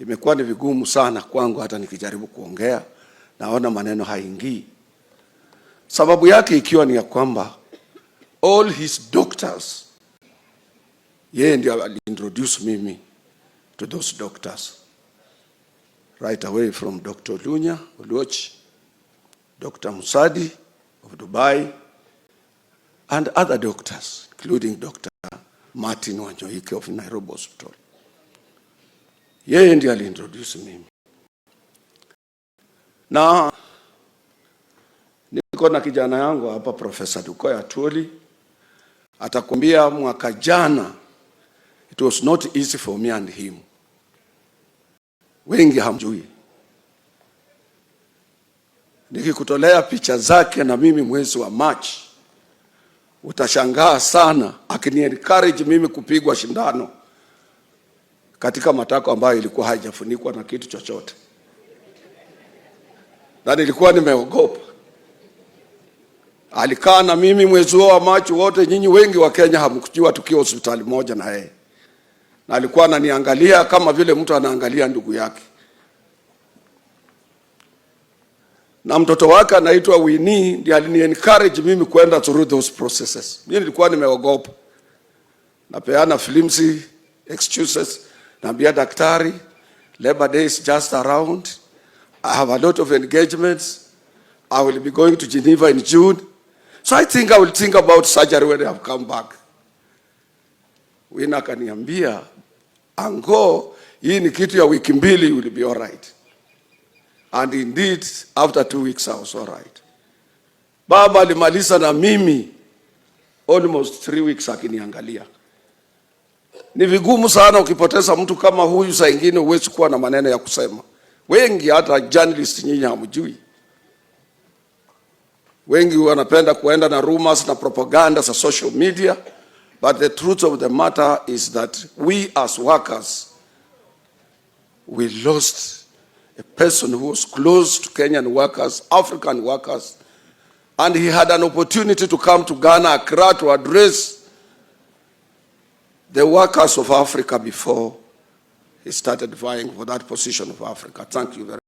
imekuwa ni vigumu sana kwangu, hata nikijaribu kuongea naona maneno haingii. Sababu yake ikiwa ni ya kwamba all his doctors, yeye ndio aliintroduce mimi to those doctors right away from Dr. Lunya Oluoch, Dr. Musadi of Dubai and other doctors including Dr. Martin Wanyoike of Nairobi Hospital. Yeye ndiye aliintroduce mimi, na niko na kijana yangu hapa, Profesa Dukoya tuli atakwambia mwaka jana it was not easy for me and him. Wengi hamjui, nikikutolea picha zake na mimi mwezi wa March utashangaa sana, akini encourage mimi kupigwa shindano katika matako ambayo ilikuwa haijafunikwa na kitu chochote, na nilikuwa nimeogopa. Alikaa na mimi mwezi huo wa Machi wote. Nyinyi wengi wa Kenya hamkujua tukiwa hospitali moja na yeye, na alikuwa ananiangalia kama vile mtu anaangalia ndugu yake, na mtoto wake anaitwa Winnie ndiye alini encourage mimi kwenda through those processes. Mimi nilikuwa nimeogopa, napeana flimsy excuses Naambia daktari, Labor Day is just around. I have a lot of engagements. I will be going to Geneva in June. So I think I will think about surgery when I have come back. Wina kaniambia, Ango, hii ni kitu ya wiki mbili, you will be all right. And indeed, after two weeks I was all right. Baba alimaliza na mimi almost three weeks akiniangalia. Ni vigumu sana ukipoteza mtu kama huyu, saa ingine huwezi kuwa na maneno ya kusema. Wengi hata journalist nyinyi hamjui, wengi wanapenda kuenda na rumors na propaganda za social media, but the truth of the matter is that we as workers we lost a person who was close to Kenyan workers, African workers, and he had an opportunity to come to Ghana, Accra to address the workers of Africa before he started vying for that position of Africa. Thank you very much.